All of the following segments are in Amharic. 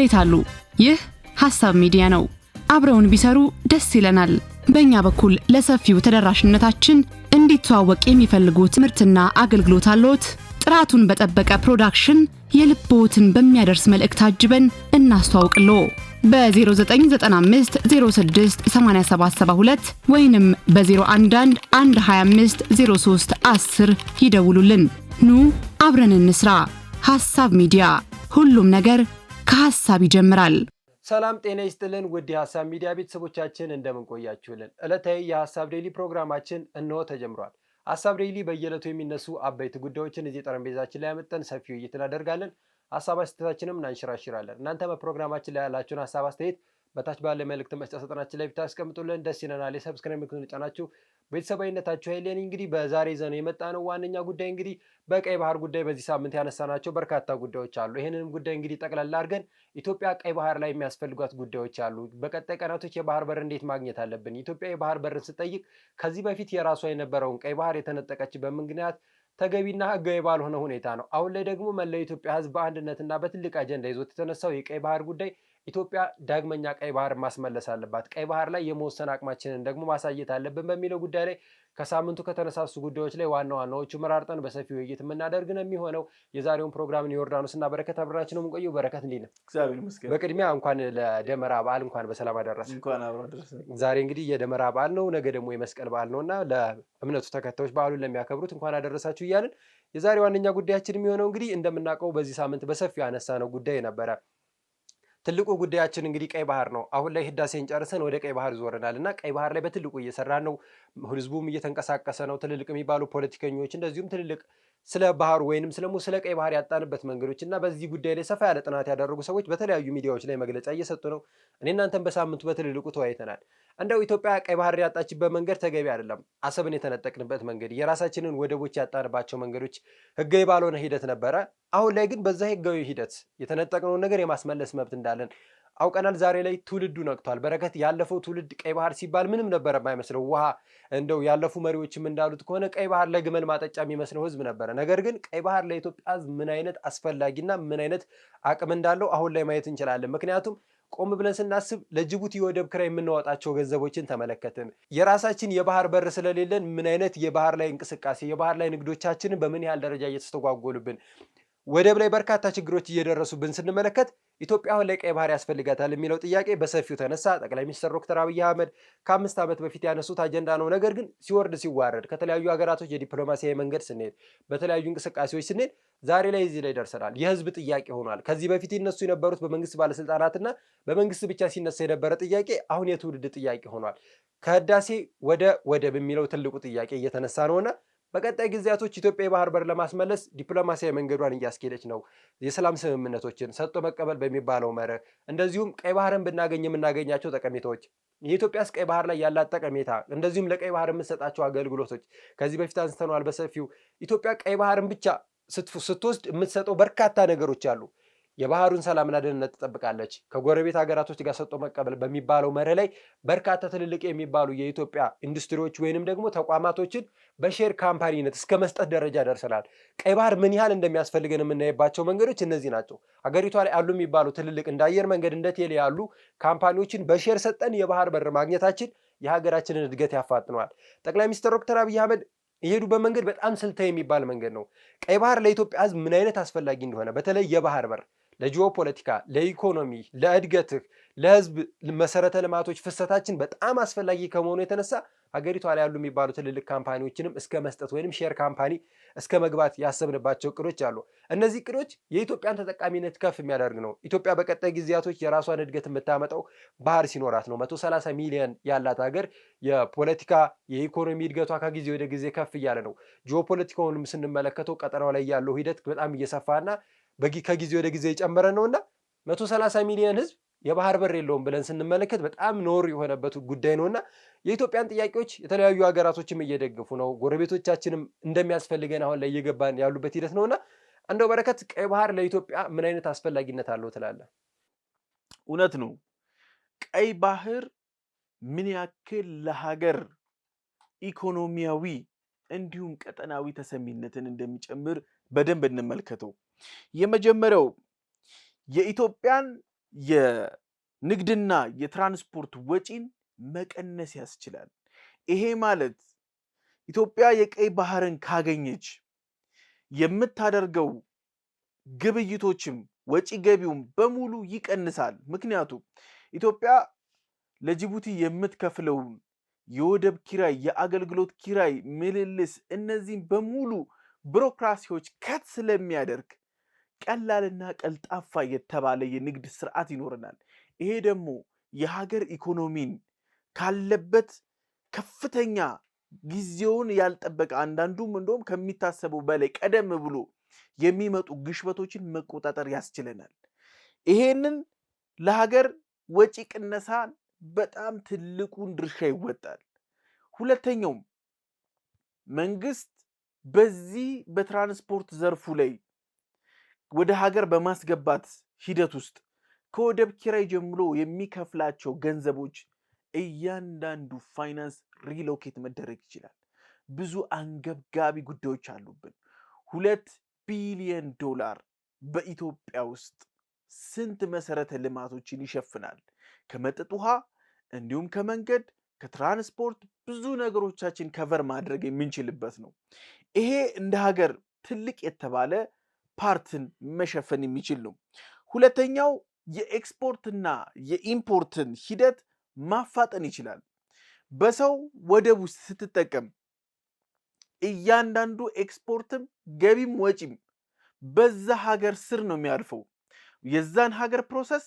እንዴት አሉ? ይህ ሀሳብ ሚዲያ ነው። አብረውን ቢሰሩ ደስ ይለናል። በእኛ በኩል ለሰፊው ተደራሽነታችን እንዲተዋወቅ የሚፈልጉት ምርትና አገልግሎት አለዎት? ጥራቱን በጠበቀ ፕሮዳክሽን የልቦትን በሚያደርስ መልእክት አጅበን እናስተዋውቅሎ በ0995 06 8772 ወይንም በ011 125 03 10 ይደውሉልን። ኑ አብረን እንስራ። ሐሳብ ሚዲያ ሁሉም ነገር ከሀሳብ ይጀምራል። ሰላም ጤና ይስጥልን ውድ የሀሳብ ሚዲያ ቤተሰቦቻችን እንደምንቆያችሁልን፣ ዕለታዊ የሀሳብ ዴይሊ ፕሮግራማችን እንሆ ተጀምሯል። ሀሳብ ዴይሊ በየዕለቱ የሚነሱ አበይት ጉዳዮችን እዚህ ጠረጴዛችን ላይ ያመጠን ሰፊ ውይይት እናደርጋለን። ሀሳብ አስተያየታችንም እናንሸራሽራለን። እናንተ በፕሮግራማችን ላይ ያላችሁን ሀሳብ አስተያየት በታች ባለ መልእክት መስጫ ሰጠናችን ላይ ብታስቀምጡልን ደስ ይለናል። የሰብስክራይብ ምልክቱን ጫናችሁ ቤተሰባዊነታችሁ ኃይሌን። እንግዲህ በዛሬ ዘነ የመጣ ነው ዋነኛ ጉዳይ እንግዲህ በቀይ ባህር ጉዳይ በዚህ ሳምንት ያነሳናቸው በርካታ ጉዳዮች አሉ። ይህንንም ጉዳይ እንግዲህ ጠቅላላ አድርገን ኢትዮጵያ ቀይ ባህር ላይ የሚያስፈልጓት ጉዳዮች አሉ። በቀጣይ ቀናቶች የባህር በር እንዴት ማግኘት አለብን? ኢትዮጵያ የባህር በርን ስጠይቅ ከዚህ በፊት የራሷ የነበረውን ቀይ ባህር የተነጠቀችበት ምክንያት ተገቢና ሕጋዊ ባልሆነ ሁኔታ ነው። አሁን ላይ ደግሞ መላው ኢትዮጵያ ህዝብ በአንድነትና በትልቅ አጀንዳ ይዞት የተነሳው የቀይ ባህር ጉዳይ ኢትዮጵያ ዳግመኛ ቀይ ባህር ማስመለስ አለባት፣ ቀይ ባህር ላይ የመወሰን አቅማችንን ደግሞ ማሳየት አለብን በሚለው ጉዳይ ላይ ከሳምንቱ ከተነሳሱ ጉዳዮች ላይ ዋና ዋናዎቹ መራርጠን በሰፊ ውይይት የምናደርግ ነው የሚሆነው። የዛሬውን ፕሮግራምን ዮርዳኖስ እና በረከት አብራችን ነው የምንቆየው። በረከት እንዴት ነው። በቅድሚያ እንኳን ለደመራ በዓል እንኳን በሰላም አደረሰ። ዛሬ እንግዲህ የደመራ በዓል ነው፣ ነገ ደግሞ የመስቀል በዓል ነው እና ለእምነቱ ተከታዮች በዓሉን ለሚያከብሩት እንኳን አደረሳችሁ እያልን የዛሬ ዋነኛ ጉዳያችን የሚሆነው እንግዲህ እንደምናውቀው በዚህ ሳምንት በሰፊው ያነሳ ነው ጉዳይ ነበረ ትልቁ ጉዳያችን እንግዲህ ቀይ ባህር ነው። አሁን ላይ ህዳሴን ጨርሰን ወደ ቀይ ባህር ዞረናል እና ቀይ ባህር ላይ በትልቁ እየሰራ ነው። ህዝቡም እየተንቀሳቀሰ ነው። ትልልቅ የሚባሉ ፖለቲከኞች እንደዚሁም ትልልቅ ስለ ባህሩ ወይንም ስለሞ ስለ ቀይ ባህር ያጣንበት መንገዶች እና በዚህ ጉዳይ ላይ ሰፋ ያለ ጥናት ያደረጉ ሰዎች በተለያዩ ሚዲያዎች ላይ መግለጫ እየሰጡ ነው። እኔ እናንተን በሳምንቱ በትልልቁ ተወያይተናል። እንደው ኢትዮጵያ ቀይ ባህር ያጣችበት መንገድ ተገቢ አይደለም። አሰብን የተነጠቅንበት መንገድ፣ የራሳችንን ወደቦች ያጣንባቸው መንገዶች ህጋዊ ባልሆነ ሂደት ነበረ። አሁን ላይ ግን በዛ ህጋዊ ሂደት የተነጠቅነውን ነገር የማስመለስ መብት እንዳለን አውቀናል። ዛሬ ላይ ትውልዱ ነቅቷል። በረከት ያለፈው ትውልድ ቀይ ባህር ሲባል ምንም ነበር የማይመስለው ውሃ። እንደው ያለፉ መሪዎችም እንዳሉት ከሆነ ቀይ ባህር ለግመል ማጠጫ የሚመስለው ህዝብ ነበረ። ነገር ግን ቀይ ባህር ለኢትዮጵያ ህዝብ ምን አይነት አስፈላጊና ምን አይነት አቅም እንዳለው አሁን ላይ ማየት እንችላለን። ምክንያቱም ቆም ብለን ስናስብ ለጅቡቲ የወደብ ክራይ የምናወጣቸው ገንዘቦችን ተመለከትን። የራሳችን የባህር በር ስለሌለን ምን አይነት የባህር ላይ እንቅስቃሴ የባህር ላይ ንግዶቻችንን በምን ያህል ደረጃ እየተስተጓጎሉብን ወደብ ላይ በርካታ ችግሮች እየደረሱብን ስንመለከት ኢትዮጵያ አሁን ላይ ቀይ ባህር ያስፈልጋታል የሚለው ጥያቄ በሰፊው ተነሳ። ጠቅላይ ሚኒስትር ዶክተር አብይ አህመድ ከአምስት ዓመት በፊት ያነሱት አጀንዳ ነው። ነገር ግን ሲወርድ ሲዋረድ ከተለያዩ ሀገራቶች የዲፕሎማሲያዊ መንገድ ስንሄድ፣ በተለያዩ እንቅስቃሴዎች ስንሄድ ዛሬ ላይ እዚህ ላይ ደርሰናል። የህዝብ ጥያቄ ሆኗል። ከዚህ በፊት ይነሱ የነበሩት በመንግስት ባለስልጣናትና በመንግስት ብቻ ሲነሳ የነበረ ጥያቄ አሁን የትውልድ ጥያቄ ሆኗል። ከህዳሴ ወደ ወደብ የሚለው ትልቁ ጥያቄ እየተነሳ ነውና በቀጣይ ጊዜያቶች ኢትዮጵያ የባህር በር ለማስመለስ ዲፕሎማሲያዊ መንገዷን እያስኬደች ነው። የሰላም ስምምነቶችን ሰጥቶ መቀበል በሚባለው መርህ፣ እንደዚሁም ቀይ ባህርን ብናገኝ የምናገኛቸው ጠቀሜታዎች፣ የኢትዮጵያስ ቀይ ባህር ላይ ያላት ጠቀሜታ፣ እንደዚሁም ለቀይ ባህር የምትሰጣቸው አገልግሎቶች ከዚህ በፊት አንስተነዋል በሰፊው። ኢትዮጵያ ቀይ ባህርን ብቻ ስትወስድ የምትሰጠው በርካታ ነገሮች አሉ። የባህሩን ሰላምና ደህንነት ትጠብቃለች፣ ከጎረቤት ሀገራቶች ጋር ሰጥቶ መቀበል በሚባለው መርህ ላይ በርካታ ትልልቅ የሚባሉ የኢትዮጵያ ኢንዱስትሪዎች ወይንም ደግሞ ተቋማቶችን በሼር ካምፓኒነት እስከ መስጠት ደረጃ ደርሰናል። ቀይ ባህር ምን ያህል እንደሚያስፈልገን የምናይባቸው መንገዶች እነዚህ ናቸው። ሀገሪቷ ላይ ያሉ የሚባሉ ትልልቅ እንደ አየር መንገድ እንደ ቴሌ ያሉ ካምፓኒዎችን በሼር ሰጠን የባህር በር ማግኘታችን የሀገራችንን እድገት ያፋጥነዋል። ጠቅላይ ሚኒስትር ዶክተር አብይ አህመድ የሄዱበት መንገድ በጣም ስልታዊ የሚባል መንገድ ነው። ቀይ ባህር ለኢትዮጵያ ህዝብ ምን አይነት አስፈላጊ እንደሆነ በተለይ የባህር በር ለጂኦፖለቲካ፣ ለኢኮኖሚ፣ ለእድገትህ፣ ለህዝብ መሰረተ ልማቶች ፍሰታችን በጣም አስፈላጊ ከመሆኑ የተነሳ ሀገሪቷ ላይ ያሉ የሚባሉ ትልልቅ ካምፓኒዎችንም እስከ መስጠት ወይም ሼር ካምፓኒ እስከ መግባት ያሰብንባቸው እቅዶች አሉ። እነዚህ እቅዶች የኢትዮጵያን ተጠቃሚነት ከፍ የሚያደርግ ነው። ኢትዮጵያ በቀጣይ ጊዜያቶች የራሷን እድገት የምታመጣው ባህር ሲኖራት ነው። መቶ ሰላሳ ሚሊዮን ያላት ሀገር የፖለቲካ የኢኮኖሚ እድገቷ ከጊዜ ወደ ጊዜ ከፍ እያለ ነው። ጂኦፖለቲካውንም ስንመለከተው ቀጠናው ላይ ያለው ሂደት በጣም እየሰፋና ከጊዜ ወደ ጊዜ የጨመረ እና መቶ ሰላሳ ሚሊዮን ህዝብ የባህር በር የለውም ብለን ስንመለከት በጣም ኖር የሆነበት ጉዳይ ነው እና የኢትዮጵያን ጥያቄዎች የተለያዩ ሀገራቶችም እየደገፉ ነው። ጎረቤቶቻችንም እንደሚያስፈልገን አሁን ላይ እየገባን ያሉበት ሂደት ነው እና እንደው በረከት ቀይ ባህር ለኢትዮጵያ ምን አይነት አስፈላጊነት አለው ትላለህ? እውነት ነው። ቀይ ባህር ምን ያክል ለሀገር ኢኮኖሚያዊ እንዲሁም ቀጠናዊ ተሰሚነትን እንደሚጨምር በደንብ እንመልከተው። የመጀመሪያው የኢትዮጵያን የንግድና የትራንስፖርት ወጪን መቀነስ ያስችላል። ይሄ ማለት ኢትዮጵያ የቀይ ባህርን ካገኘች የምታደርገው ግብይቶችም ወጪ ገቢውም በሙሉ ይቀንሳል። ምክንያቱም ኢትዮጵያ ለጅቡቲ የምትከፍለውን የወደብ ኪራይ፣ የአገልግሎት ኪራይ፣ ምልልስ እነዚህም በሙሉ ቢሮክራሲዎች ከት ስለሚያደርግ ቀላልና ቀልጣፋ የተባለ የንግድ ስርዓት ይኖረናል። ይሄ ደግሞ የሀገር ኢኮኖሚን ካለበት ከፍተኛ ጊዜውን ያልጠበቀ አንዳንዱም እንደውም ከሚታሰበው በላይ ቀደም ብሎ የሚመጡ ግሽበቶችን መቆጣጠር ያስችለናል። ይሄንን ለሀገር ወጪ ቅነሳን በጣም ትልቁን ድርሻ ይወጣል። ሁለተኛውም መንግስት በዚህ በትራንስፖርት ዘርፉ ላይ ወደ ሀገር በማስገባት ሂደት ውስጥ ከወደብ ኪራይ ጀምሮ የሚከፍላቸው ገንዘቦች እያንዳንዱ ፋይናንስ ሪሎኬት መደረግ ይችላል። ብዙ አንገብጋቢ ጉዳዮች አሉብን። ሁለት ቢሊየን ዶላር በኢትዮጵያ ውስጥ ስንት መሰረተ ልማቶችን ይሸፍናል? ከመጠጥ ውሃ እንዲሁም ከመንገድ ከትራንስፖርት ብዙ ነገሮቻችን ከቨር ማድረግ የምንችልበት ነው። ይሄ እንደ ሀገር ትልቅ የተባለ ፓርትን መሸፈን የሚችል ነው። ሁለተኛው የኤክስፖርትና የኢምፖርትን ሂደት ማፋጠን ይችላል። በሰው ወደብ ውስጥ ስትጠቀም እያንዳንዱ ኤክስፖርትም ገቢም ወጪም በዛ ሀገር ስር ነው የሚያርፈው የዛን ሀገር ፕሮሰስ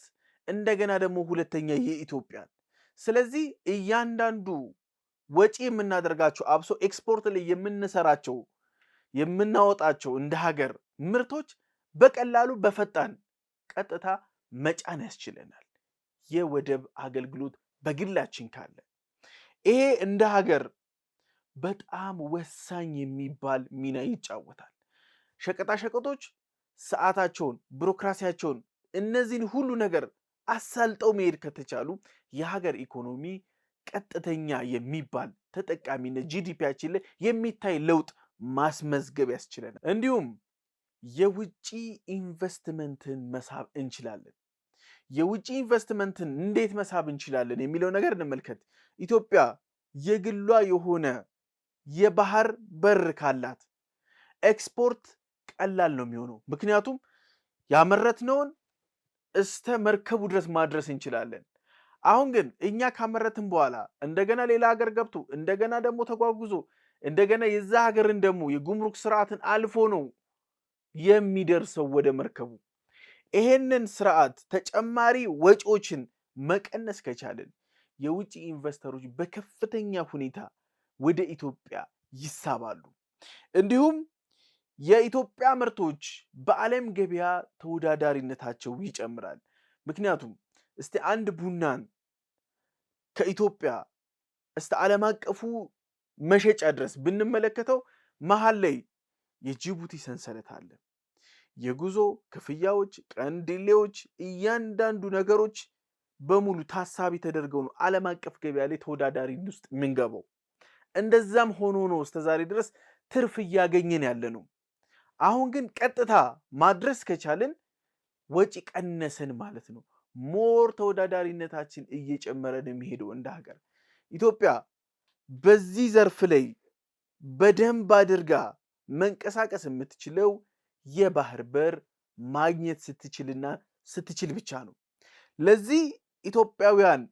እንደገና ደግሞ ሁለተኛ የኢትዮጵያን። ስለዚህ እያንዳንዱ ወጪ የምናደርጋቸው አብሶ ኤክስፖርት ላይ የምንሰራቸው የምናወጣቸው እንደ ሀገር ምርቶች በቀላሉ በፈጣን ቀጥታ መጫን ያስችለናል። የወደብ አገልግሎት በግላችን ካለ ይሄ እንደ ሀገር በጣም ወሳኝ የሚባል ሚና ይጫወታል። ሸቀጣሸቀጦች ሰዓታቸውን፣ ቢሮክራሲያቸውን እነዚህን ሁሉ ነገር አሳልጠው መሄድ ከተቻሉ የሀገር ኢኮኖሚ ቀጥተኛ የሚባል ተጠቃሚነት ጂዲፒያችን ላይ የሚታይ ለውጥ ማስመዝገብ ያስችለናል። እንዲሁም የውጭ ኢንቨስትመንትን መሳብ እንችላለን። የውጭ ኢንቨስትመንትን እንዴት መሳብ እንችላለን የሚለው ነገር እንመልከት። ኢትዮጵያ የግሏ የሆነ የባህር በር ካላት ኤክስፖርት ቀላል ነው የሚሆነው። ምክንያቱም ያመረትነውን እስተ መርከቡ ድረስ ማድረስ እንችላለን። አሁን ግን እኛ ካመረትን በኋላ እንደገና ሌላ ሀገር ገብቶ እንደገና ደግሞ ተጓጉዞ እንደገና የዛ ሀገርን ደግሞ የጉምሩክ ስርዓትን አልፎ ነው የሚደርሰው ወደ መርከቡ። ይሄንን ስርዓት ተጨማሪ ወጪዎችን መቀነስ ከቻልን የውጭ ኢንቨስተሮች በከፍተኛ ሁኔታ ወደ ኢትዮጵያ ይሳባሉ። እንዲሁም የኢትዮጵያ ምርቶች በዓለም ገበያ ተወዳዳሪነታቸው ይጨምራል። ምክንያቱም እስቲ አንድ ቡናን ከኢትዮጵያ እስከ ዓለም አቀፉ መሸጫ ድረስ ብንመለከተው መሀል ላይ የጅቡቲ ሰንሰለት አለ። የጉዞ ክፍያዎች፣ ቀንድሌዎች እያንዳንዱ ነገሮች በሙሉ ታሳቢ ተደርገው ነው ዓለም አቀፍ ገበያ ላይ ተወዳዳሪ ውስጥ የምንገባው። እንደዛም ሆኖ ነው እስከዛሬ ድረስ ትርፍ እያገኘን ያለ ነው። አሁን ግን ቀጥታ ማድረስ ከቻልን ወጪ ቀነሰን ማለት ነው። ሞር ተወዳዳሪነታችን እየጨመረ ነው የሚሄደው እንደ ሀገር ኢትዮጵያ በዚህ ዘርፍ ላይ በደንብ አድርጋ መንቀሳቀስ የምትችለው የባህር በር ማግኘት ስትችልና ስትችል ብቻ ነው። ለዚህ ኢትዮጵያውያን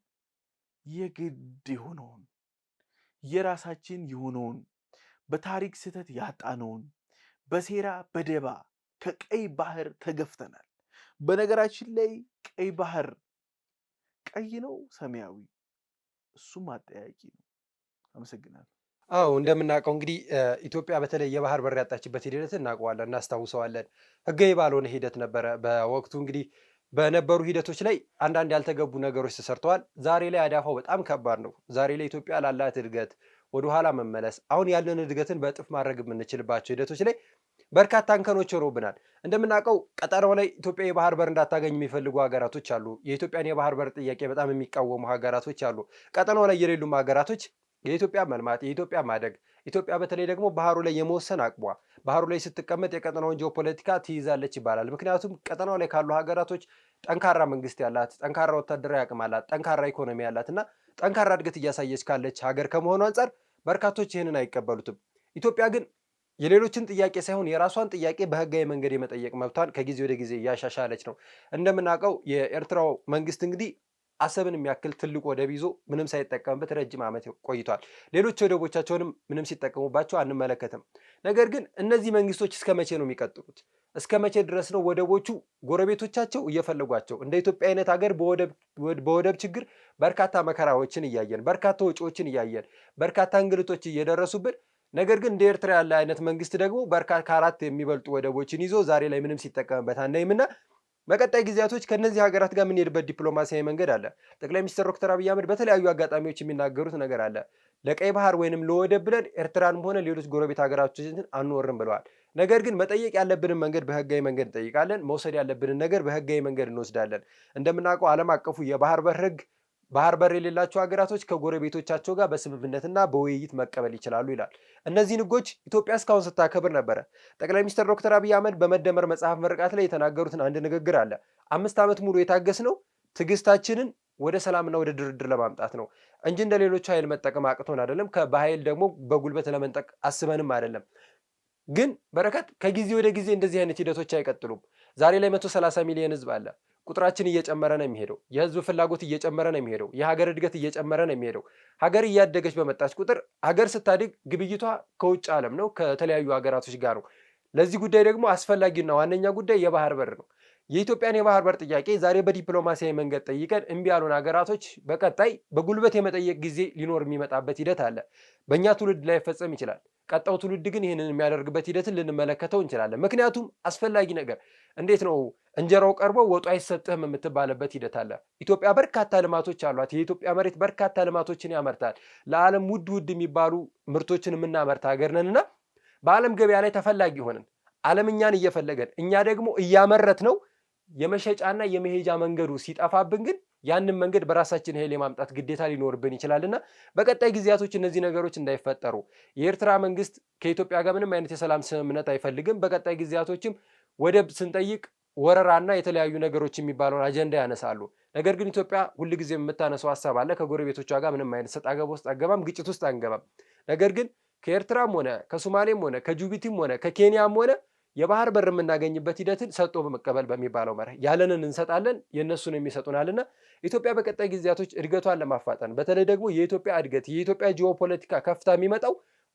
የግድ የሆነውን የራሳችን የሆነውን በታሪክ ስህተት ያጣነውን በሴራ በደባ ከቀይ ባህር ተገፍተናል። በነገራችን ላይ ቀይ ባህር ቀይ ነው ሰማያዊ፣ እሱም አጠያቂ ነው። አመሰግናለሁ። አዎ እንደምናውቀው እንግዲህ ኢትዮጵያ በተለይ የባህር በር ያጣችበት ሂደት እናውቀዋለን፣ እናስታውሰዋለን። ህጋዊ ባልሆነ ሂደት ነበረ። በወቅቱ እንግዲህ በነበሩ ሂደቶች ላይ አንዳንድ ያልተገቡ ነገሮች ተሰርተዋል። ዛሬ ላይ አዳፋው በጣም ከባድ ነው። ዛሬ ላይ ኢትዮጵያ ላላት እድገት ወደኋላ መመለስ፣ አሁን ያለን እድገትን በእጥፍ ማድረግ የምንችልባቸው ሂደቶች ላይ በርካታ እንከኖች ሆኖብናል። እንደምናውቀው ቀጠናው ላይ ኢትዮጵያ የባህር በር እንዳታገኝ የሚፈልጉ ሀገራቶች አሉ። የኢትዮጵያን የባህር በር ጥያቄ በጣም የሚቃወሙ ሀገራቶች አሉ። ቀጠናው ላይ የሌሉም ሀገራቶች የኢትዮጵያ መልማት የኢትዮጵያ ማደግ ኢትዮጵያ በተለይ ደግሞ ባህሩ ላይ የመወሰን አቅሟ ባህሩ ላይ ስትቀመጥ የቀጠናውን ጂኦፖለቲካ ትይዛለች ይባላል። ምክንያቱም ቀጠናው ላይ ካሉ ሀገራቶች ጠንካራ መንግስት ያላት፣ ጠንካራ ወታደራዊ አቅም አላት፣ ጠንካራ ኢኮኖሚ ያላት እና ጠንካራ እድገት እያሳየች ካለች ሀገር ከመሆኑ አንጻር በርካቶች ይህንን አይቀበሉትም። ኢትዮጵያ ግን የሌሎችን ጥያቄ ሳይሆን የራሷን ጥያቄ በህጋዊ መንገድ የመጠየቅ መብቷን ከጊዜ ወደ ጊዜ እያሻሻለች ነው። እንደምናውቀው የኤርትራው መንግስት እንግዲህ አሰብን የሚያክል ትልቅ ወደብ ይዞ ምንም ሳይጠቀምበት ረጅም ዓመት ቆይቷል። ሌሎች ወደቦቻቸውንም ምንም ሲጠቀሙባቸው አንመለከትም። ነገር ግን እነዚህ መንግስቶች እስከ መቼ ነው የሚቀጥሉት? እስከ መቼ ድረስ ነው ወደቦቹ ጎረቤቶቻቸው እየፈለጓቸው? እንደ ኢትዮጵያ አይነት ሀገር በወደብ ችግር በርካታ መከራዎችን እያየን፣ በርካታ ወጪዎችን እያየን፣ በርካታ እንግልቶች እየደረሱብን ነገር ግን እንደ ኤርትራ ያለ አይነት መንግስት ደግሞ በርካታ ከአራት የሚበልጡ ወደቦችን ይዞ ዛሬ ላይ ምንም ሲጠቀምበት አናይምና በቀጣይ ጊዜያቶች ከእነዚህ ሀገራት ጋር የምንሄድበት ዲፕሎማሲያዊ መንገድ አለ። ጠቅላይ ሚኒስትር ዶክተር አብይ አህመድ በተለያዩ አጋጣሚዎች የሚናገሩት ነገር አለ። ለቀይ ባህር ወይንም ለወደብ ብለን ኤርትራንም ሆነ ሌሎች ጎረቤት ሀገራችን አንወርም ብለዋል። ነገር ግን መጠየቅ ያለብንን መንገድ በህጋዊ መንገድ እንጠይቃለን። መውሰድ ያለብንን ነገር በህጋዊ መንገድ እንወስዳለን። እንደምናውቀው ዓለም አቀፉ የባህር በር ህግ ባህር በር የሌላቸው ሀገራቶች ከጎረቤቶቻቸው ጋር በስምምነትና በውይይት መቀበል ይችላሉ ይላል። እነዚህን ሕጎች ኢትዮጵያ እስካሁን ስታከብር ነበረ። ጠቅላይ ሚኒስትር ዶክተር አብይ አህመድ በመደመር መጽሐፍ ምርቃት ላይ የተናገሩትን አንድ ንግግር አለ። አምስት ዓመት ሙሉ የታገስነው ትዕግስታችንን ወደ ሰላምና ወደ ድርድር ለማምጣት ነው እንጂ እንደ ሌሎቹ ኃይል መጠቀም አቅቶን አይደለም። በኃይል ደግሞ በጉልበት ለመንጠቅ አስበንም አይደለም። ግን በረከት ከጊዜ ወደ ጊዜ እንደዚህ አይነት ሂደቶች አይቀጥሉም። ዛሬ ላይ መቶ ሰላሳ ሚሊዮን ህዝብ አለ። ቁጥራችን እየጨመረ ነው የሚሄደው። የህዝብ ፍላጎት እየጨመረ ነው የሚሄደው። የሀገር እድገት እየጨመረ ነው የሚሄደው። ሀገር እያደገች በመጣች ቁጥር ሀገር ስታድግ ግብይቷ ከውጭ ዓለም ነው ከተለያዩ ሀገራቶች ጋር ነው። ለዚህ ጉዳይ ደግሞ አስፈላጊና ዋነኛ ጉዳይ የባህር በር ነው። የኢትዮጵያን የባህር በር ጥያቄ ዛሬ በዲፕሎማሲያዊ መንገድ ጠይቀን እምቢ ያሉን ሀገራቶች በቀጣይ በጉልበት የመጠየቅ ጊዜ ሊኖር የሚመጣበት ሂደት አለ። በእኛ ትውልድ ላይ ፈጸም ይችላል። ቀጣው ትውልድ ግን ይህንን የሚያደርግበት ሂደትን ልንመለከተው እንችላለን። ምክንያቱም አስፈላጊ ነገር እንዴት ነው እንጀራው ቀርቦ ወጡ አይሰጥህም የምትባልበት ሂደት አለ። ኢትዮጵያ በርካታ ልማቶች አሏት። የኢትዮጵያ መሬት በርካታ ልማቶችን ያመርታል። ለዓለም ውድ ውድ የሚባሉ ምርቶችን የምናመርት ሀገር ነንና በዓለም ገበያ ላይ ተፈላጊ ሆንን። ዓለም እኛን እየፈለገን እኛ ደግሞ እያመረት ነው የመሸጫና የመሄጃ መንገዱ ሲጠፋብን ግን ያንን መንገድ በራሳችን ኃይል የማምጣት ግዴታ ሊኖርብን ይችላል በቀጣይ ጊዜያቶች እነዚህ ነገሮች እንዳይፈጠሩ የኤርትራ መንግስት ከኢትዮጵያ ጋር ምንም አይነት የሰላም ስምምነት አይፈልግም። በቀጣይ ጊዜያቶችም ወደብ ስንጠይቅ ወረራና የተለያዩ ነገሮች የሚባለውን አጀንዳ ያነሳሉ። ነገር ግን ኢትዮጵያ ሁልጊዜ የምታነሰው ሀሳብ አለ። ከጎረቤቶቿ ጋር ምንም አይነት ሰጥ አገባ ውስጥ አገባም ግጭት ውስጥ አንገባም። ነገር ግን ከኤርትራም ሆነ ከሶማሌም ሆነ ከጅቡቲም ሆነ ከኬንያም ሆነ የባህር በር የምናገኝበት ሂደትን ሰጥቶ በመቀበል በሚባለው መርህ ያለንን እንሰጣለን የእነሱን የሚሰጡናልና ኢትዮጵያ በቀጣይ ጊዜያቶች እድገቷን ለማፋጠን በተለይ ደግሞ የኢትዮጵያ እድገት የኢትዮጵያ ጂኦፖለቲካ ከፍታ የሚመጣው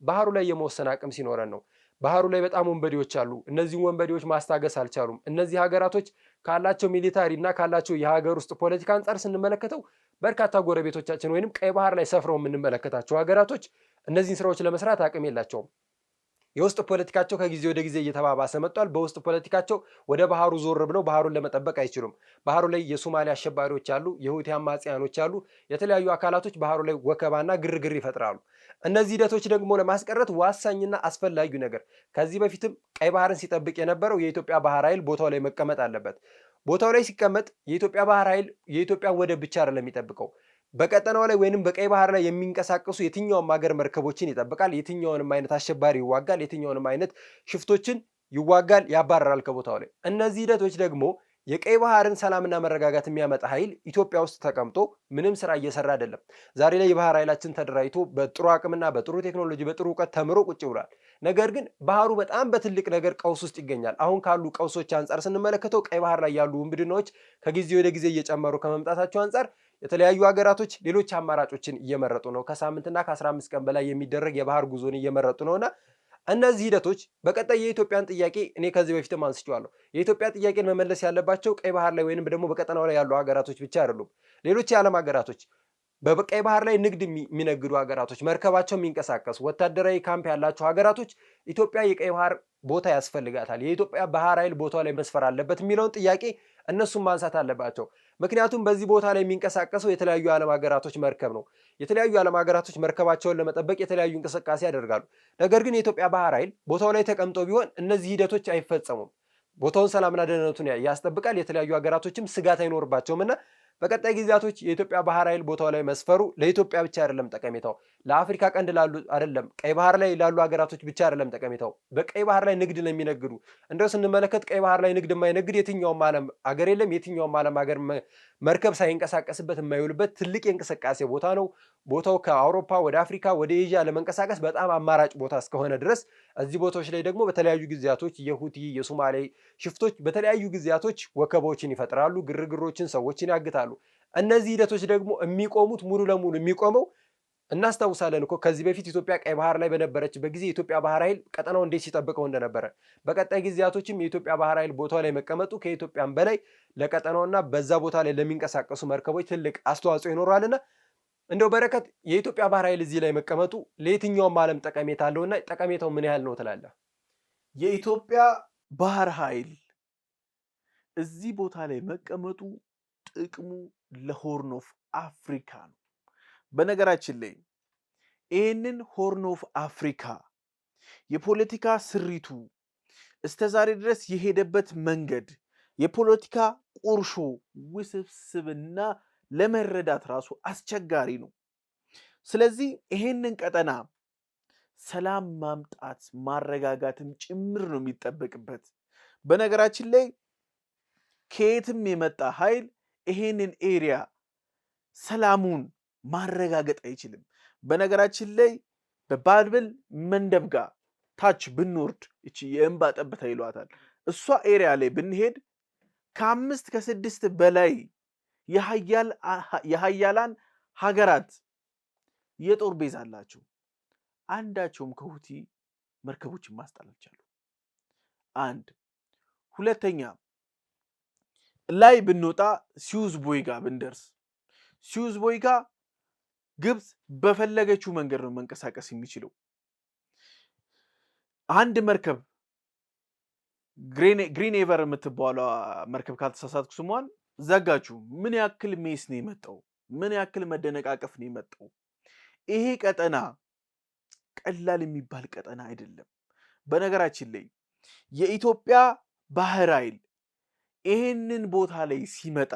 ባህሩ ላይ የመወሰን አቅም ሲኖረን ነው። ባህሩ ላይ በጣም ወንበዴዎች አሉ። እነዚህን ወንበዴዎች ማስታገስ አልቻሉም። እነዚህ ሀገራቶች ካላቸው ሚሊታሪ እና ካላቸው የሀገር ውስጥ ፖለቲካ አንጻር ስንመለከተው በርካታ ጎረቤቶቻችን ወይንም ቀይ ባህር ላይ ሰፍረው የምንመለከታቸው ሀገራቶች እነዚህን ስራዎች ለመስራት አቅም የላቸውም። የውስጥ ፖለቲካቸው ከጊዜ ወደ ጊዜ እየተባባሰ መጥቷል። በውስጥ ፖለቲካቸው ወደ ባህሩ ዞር ብለው ባህሩን ለመጠበቅ አይችሉም። ባህሩ ላይ የሶማሌ አሸባሪዎች አሉ፣ የሁቲ አማጽያኖች አሉ፣ የተለያዩ አካላቶች ባህሩ ላይ ወከባና ግርግር ይፈጥራሉ። እነዚህ ሂደቶች ደግሞ ለማስቀረት ዋሳኝና አስፈላጊው ነገር ከዚህ በፊትም ቀይ ባህርን ሲጠብቅ የነበረው የኢትዮጵያ ባህር ኃይል ቦታው ላይ መቀመጥ አለበት። ቦታው ላይ ሲቀመጥ የኢትዮጵያ ባህር ኃይል የኢትዮጵያ ወደብ ብቻ አይደለም የሚጠብቀው በቀጠናው ላይ ወይንም በቀይ ባህር ላይ የሚንቀሳቀሱ የትኛውም ሀገር መርከቦችን ይጠብቃል። የትኛውንም አይነት አሸባሪ ይዋጋል። የትኛውንም አይነት ሽፍቶችን ይዋጋል፣ ያባረራል ከቦታው ላይ። እነዚህ ሂደቶች ደግሞ የቀይ ባህርን ሰላምና መረጋጋት የሚያመጣ ኃይል ኢትዮጵያ ውስጥ ተቀምጦ ምንም ስራ እየሰራ አይደለም። ዛሬ ላይ የባህር ኃይላችን ተደራጅቶ በጥሩ አቅምና በጥሩ ቴክኖሎጂ በጥሩ እውቀት ተምሮ ቁጭ ብሏል። ነገር ግን ባህሩ በጣም በትልቅ ነገር ቀውስ ውስጥ ይገኛል። አሁን ካሉ ቀውሶች አንጻር ስንመለከተው ቀይ ባህር ላይ ያሉ ውንብድናዎች ከጊዜ ወደ ጊዜ እየጨመሩ ከመምጣታቸው አንጻር የተለያዩ ሀገራቶች ሌሎች አማራጮችን እየመረጡ ነው። ከሳምንትና ከ15 ቀን በላይ የሚደረግ የባህር ጉዞን እየመረጡ ነውና እነዚህ ሂደቶች በቀጣይ የኢትዮጵያን ጥያቄ እኔ ከዚህ በፊትም አንስቼዋለሁ። የኢትዮጵያ ጥያቄን መመለስ ያለባቸው ቀይ ባህር ላይ ወይንም ደግሞ በቀጠናው ላይ ያሉ ሀገራቶች ብቻ አይደሉም። ሌሎች የዓለም ሀገራቶች በቀይ ባህር ላይ ንግድ የሚነግዱ ሀገራቶች፣ መርከባቸው የሚንቀሳቀሱ ወታደራዊ ካምፕ ያላቸው ሀገራቶች ኢትዮጵያ የቀይ ባህር ቦታ ያስፈልጋታል፣ የኢትዮጵያ ባህር ኃይል ቦታ ላይ መስፈር አለበት የሚለውን ጥያቄ እነሱም ማንሳት አለባቸው። ምክንያቱም በዚህ ቦታ ላይ የሚንቀሳቀሰው የተለያዩ የዓለም ሀገራቶች መርከብ ነው። የተለያዩ ዓለም ሀገራቶች መርከባቸውን ለመጠበቅ የተለያዩ እንቅስቃሴ ያደርጋሉ። ነገር ግን የኢትዮጵያ ባህር ኃይል ቦታው ላይ ተቀምጦ ቢሆን እነዚህ ሂደቶች አይፈጸሙም። ቦታውን ሰላምና ደህንነቱን ያስጠብቃል። የተለያዩ ሀገራቶችም ስጋት አይኖርባቸውም እና በቀጣይ ጊዜያቶች የኢትዮጵያ ባህር ኃይል ቦታው ላይ መስፈሩ ለኢትዮጵያ ብቻ አይደለም ጠቀሜታው ለአፍሪካ ቀንድ ላሉ አይደለም ቀይ ባህር ላይ ላሉ ሀገራቶች ብቻ አይደለም ጠቀሜታው፣ በቀይ ባህር ላይ ንግድ ነው የሚነግዱ። እንደው ስንመለከት ቀይ ባህር ላይ ንግድ የማይነግድ የትኛውም ዓለም አገር የለም። የትኛውም ዓለም ሀገር መርከብ ሳይንቀሳቀስበት የማይውልበት ትልቅ የእንቅስቃሴ ቦታ ነው። ቦታው ከአውሮፓ ወደ አፍሪካ ወደ ኤዥያ ለመንቀሳቀስ በጣም አማራጭ ቦታ እስከሆነ ድረስ እዚህ ቦታዎች ላይ ደግሞ በተለያዩ ጊዜያቶች የሁቲ የሶማሌ ሽፍቶች በተለያዩ ጊዜያቶች ወከቦችን ይፈጥራሉ፣ ግርግሮችን፣ ሰዎችን ያግታሉ። እነዚህ ሂደቶች ደግሞ የሚቆሙት ሙሉ ለሙሉ የሚቆመው እናስታውሳለን እኮ ከዚህ በፊት ኢትዮጵያ ቀይ ባህር ላይ በነበረችበት ጊዜ የኢትዮጵያ ባህር ኃይል ቀጠናው እንዴት ሲጠብቀው እንደነበረ፣ በቀጣይ ጊዜያቶችም የኢትዮጵያ ባህር ኃይል ቦታው ላይ መቀመጡ ከኢትዮጵያም በላይ ለቀጠናውና በዛ ቦታ ላይ ለሚንቀሳቀሱ መርከቦች ትልቅ አስተዋጽኦ ይኖረዋልና እንደው በረከት የኢትዮጵያ ባህር ኃይል እዚህ ላይ መቀመጡ ለየትኛውም ዓለም ጠቀሜታ አለውና ጠቀሜታው ምን ያህል ነው ትላለህ? የኢትዮጵያ ባህር ኃይል እዚህ ቦታ ላይ መቀመጡ ጥቅሙ ለሆርን ኦፍ አፍሪካ ነው። በነገራችን ላይ ይህንን ሆርን ኦፍ አፍሪካ የፖለቲካ ስሪቱ እስከ ዛሬ ድረስ የሄደበት መንገድ የፖለቲካ ቁርሾ ውስብስብና ለመረዳት ራሱ አስቸጋሪ ነው። ስለዚህ ይሄንን ቀጠና ሰላም ማምጣት ማረጋጋትም ጭምር ነው የሚጠበቅበት። በነገራችን ላይ ከየትም የመጣ ኃይል ይሄንን ኤሪያ ሰላሙን ማረጋገጥ አይችልም። በነገራችን ላይ በባልብል መንደብ ታች ብንወርድ እቺ የእንባ ጠብታ ይሏታል እሷ ኤሪያ ላይ ብንሄድ ከአምስት ከስድስት በላይ የሀያላን ሀገራት የጦር ቤዝ አላቸው። አንዳቸውም ከሁቲ መርከቦችን ማስጣል አልቻሉ። አንድ ሁለተኛ ላይ ብንወጣ ሲዩዝ ቦይ ጋር ብንደርስ ሲዩዝ ቦይ ጋር ግብፅ በፈለገችው መንገድ ነው መንቀሳቀስ የሚችለው። አንድ መርከብ ግሪን ኤቨር የምትባሏ መርከብ ካልተሳሳትኩ ስሟን ዘጋችሁ። ምን ያክል ሜስ ነው የመጣው? ምን ያክል መደነቃቀፍ ነው የመጣው? ይሄ ቀጠና ቀላል የሚባል ቀጠና አይደለም። በነገራችን ላይ የኢትዮጵያ ባህር ኃይል ይሄንን ቦታ ላይ ሲመጣ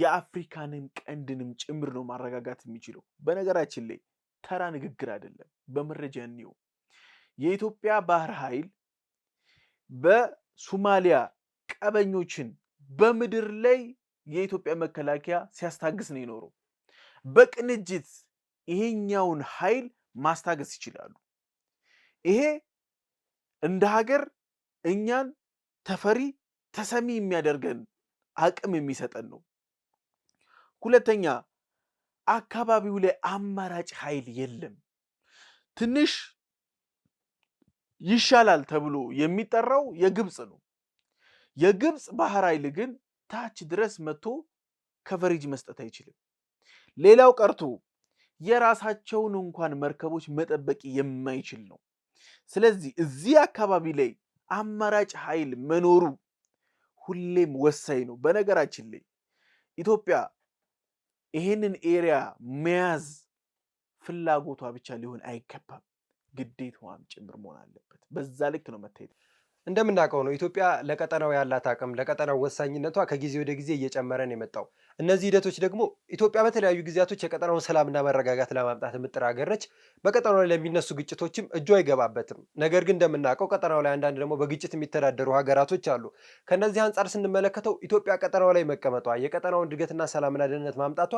የአፍሪካንን ቀንድንም ጭምር ነው ማረጋጋት የሚችለው። በነገራችን ላይ ተራ ንግግር አይደለም፣ በመረጃ እንየው። የኢትዮጵያ ባህር ኃይል በሱማሊያ ቀበኞችን በምድር ላይ የኢትዮጵያ መከላከያ ሲያስታግስ ነው የኖረው። በቅንጅት ይሄኛውን ኃይል ማስታገስ ይችላሉ። ይሄ እንደ ሀገር እኛን ተፈሪ ተሰሚ የሚያደርገን አቅም የሚሰጠን ነው። ሁለተኛ አካባቢው ላይ አማራጭ ኃይል የለም። ትንሽ ይሻላል ተብሎ የሚጠራው የግብፅ ነው። የግብፅ ባህር ኃይል ግን ታች ድረስ መጥቶ ከቨሬጅ መስጠት አይችልም። ሌላው ቀርቶ የራሳቸውን እንኳን መርከቦች መጠበቅ የማይችል ነው። ስለዚህ እዚህ አካባቢ ላይ አማራጭ ኃይል መኖሩ ሁሌም ወሳኝ ነው። በነገራችን ላይ ኢትዮጵያ ይሄንን ኤሪያ መያዝ ፍላጎቷ ብቻ ሊሆን አይገባም፣ ግዴታዋም ጭምር መሆን አለበት። በዛ ልክ ነው መታየት እንደምናውቀው ነው ኢትዮጵያ ለቀጠናው ያላት አቅም ለቀጠናው ወሳኝነቷ ከጊዜ ወደ ጊዜ እየጨመረ ነው የመጣው። እነዚህ ሂደቶች ደግሞ ኢትዮጵያ በተለያዩ ጊዜያቶች የቀጠናውን ሰላምና መረጋጋት ለማምጣት የምጥር ሀገር ነች። በቀጠናው ላይ ለሚነሱ ግጭቶችም እጇ አይገባበትም። ነገር ግን እንደምናውቀው ቀጠናው ላይ አንዳንድ ደግሞ በግጭት የሚተዳደሩ ሀገራቶች አሉ። ከእነዚህ አንጻር ስንመለከተው ኢትዮጵያ ቀጠናው ላይ መቀመጧ የቀጠናውን እድገትና ሰላምና ደህንነት ማምጣቷ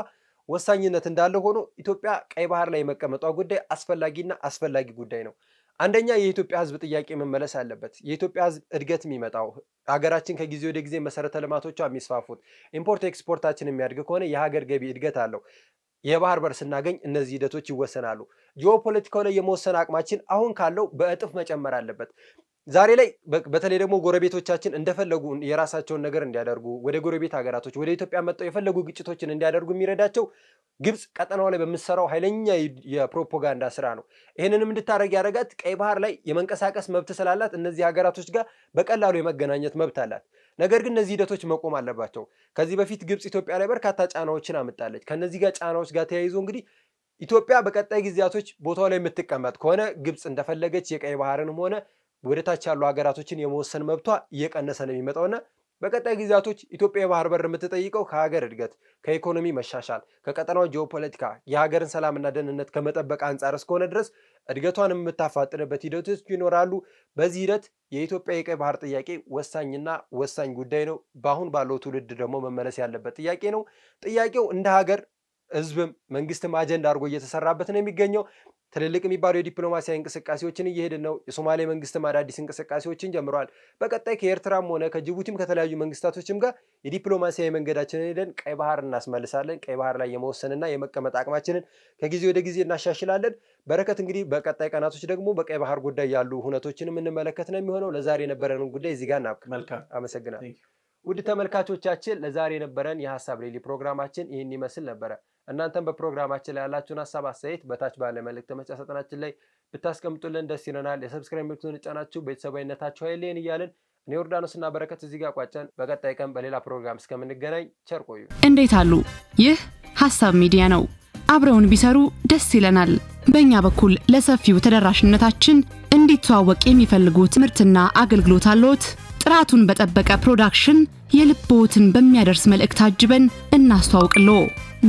ወሳኝነት እንዳለ ሆኖ ኢትዮጵያ ቀይ ባህር ላይ መቀመጧ ጉዳይ አስፈላጊና አስፈላጊ ጉዳይ ነው። አንደኛ የኢትዮጵያ ሕዝብ ጥያቄ መመለስ አለበት። የኢትዮጵያ ሕዝብ እድገት የሚመጣው ሀገራችን ከጊዜ ወደ ጊዜ መሰረተ ልማቶቿ የሚስፋፉት ኢምፖርት ኤክስፖርታችን የሚያድግ ከሆነ የሀገር ገቢ እድገት አለው። የባህር በር ስናገኝ እነዚህ ሂደቶች ይወሰናሉ። ጂኦፖለቲካው ላይ የመወሰን አቅማችን አሁን ካለው በእጥፍ መጨመር አለበት። ዛሬ ላይ በተለይ ደግሞ ጎረቤቶቻችን እንደፈለጉ የራሳቸውን ነገር እንዲያደርጉ ወደ ጎረቤት ሀገራቶች ወደ ኢትዮጵያ መጥተው የፈለጉ ግጭቶችን እንዲያደርጉ የሚረዳቸው ግብፅ ቀጠናው ላይ በምትሰራው ኃይለኛ የፕሮፓጋንዳ ስራ ነው። ይህንንም እንድታደረግ ያደረጋት ቀይ ባህር ላይ የመንቀሳቀስ መብት ስላላት እነዚህ ሀገራቶች ጋር በቀላሉ የመገናኘት መብት አላት። ነገር ግን እነዚህ ሂደቶች መቆም አለባቸው። ከዚህ በፊት ግብፅ ኢትዮጵያ ላይ በርካታ ጫናዎችን አመጣለች። ከነዚህ ጋር ጫናዎች ጋር ተያይዞ እንግዲህ ኢትዮጵያ በቀጣይ ጊዜያቶች ቦታው ላይ የምትቀመጥ ከሆነ ግብፅ እንደፈለገች የቀይ ባህርንም ሆነ ወደታች ያሉ ሀገራቶችን የመወሰን መብቷ እየቀነሰ ነው የሚመጣውና በቀጣይ ጊዜያቶች ኢትዮጵያ የባህር በር የምትጠይቀው ከሀገር እድገት፣ ከኢኮኖሚ መሻሻል፣ ከቀጠናው ጂኦፖለቲካ የሀገርን ሰላምና ደህንነት ከመጠበቅ አንጻር እስከሆነ ድረስ እድገቷን የምታፋጥንበት ሂደቶች ይኖራሉ። በዚህ ሂደት የኢትዮጵያ የቀይ ባህር ጥያቄ ወሳኝና ወሳኝ ጉዳይ ነው። በአሁን ባለው ትውልድ ደግሞ መመለስ ያለበት ጥያቄ ነው። ጥያቄው እንደ ሀገር ህዝብም መንግስትም አጀንዳ አድርጎ እየተሰራበት ነው የሚገኘው። ትልልቅ የሚባሉ የዲፕሎማሲያዊ እንቅስቃሴዎችን እየሄድን ነው። የሶማሌ መንግስትም አዳዲስ እንቅስቃሴዎችን ጀምረዋል። በቀጣይ ከኤርትራም ሆነ ከጅቡቲም ከተለያዩ መንግስታቶችም ጋር የዲፕሎማሲያዊ መንገዳችንን ሄደን ቀይ ባህር እናስመልሳለን። ቀይ ባህር ላይ የመወሰንና የመቀመጥ አቅማችንን ከጊዜ ወደ ጊዜ እናሻሽላለን። በረከት እንግዲህ በቀጣይ ቀናቶች ደግሞ በቀይ ባህር ጉዳይ ያሉ ሁነቶችን የምንመለከት ነው የሚሆነው። ለዛሬ የነበረንን ጉዳይ እዚህ ጋር እናብቅ። አመሰግናል። ውድ ተመልካቾቻችን ለዛሬ የነበረን የሀሳብ ሌሊ ፕሮግራማችን ይህን ይመስል ነበረ። እናንተም በፕሮግራማችን ላይ ያላችሁን ሀሳብ አስተያየት በታች ባለ መልእክት መጫ ሰጠናችን ላይ ብታስቀምጡልን ደስ ይለናል። የሰብስክራይብ ምልክቱን ጫናችሁ ቤተሰባዊነታችሁ ኃይሌን እያልን እኔ ዮርዳኖስና በረከት እዚህ ጋር ቋጨን። በቀጣይ ቀን በሌላ ፕሮግራም እስከምንገናኝ ቸር ቆዩ። እንዴት አሉ? ይህ ሀሳብ ሚዲያ ነው። አብረውን ቢሰሩ ደስ ይለናል። በእኛ በኩል ለሰፊው ተደራሽነታችን እንዲተዋወቅ የሚፈልጉ ትምህርትና አገልግሎት አለዎት? ጥራቱን በጠበቀ ፕሮዳክሽን የልቦትን በሚያደርስ መልእክት አጅበን እናስተዋውቅልዎ።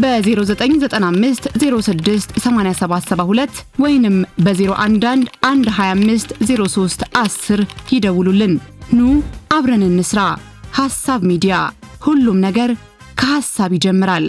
በ0995 06 8772 ወይንም በ011 125 03 10 ይደውሉልን። ኑ አብረን እንስራ። ሐሳብ ሚዲያ፣ ሁሉም ነገር ከሐሳብ ይጀምራል።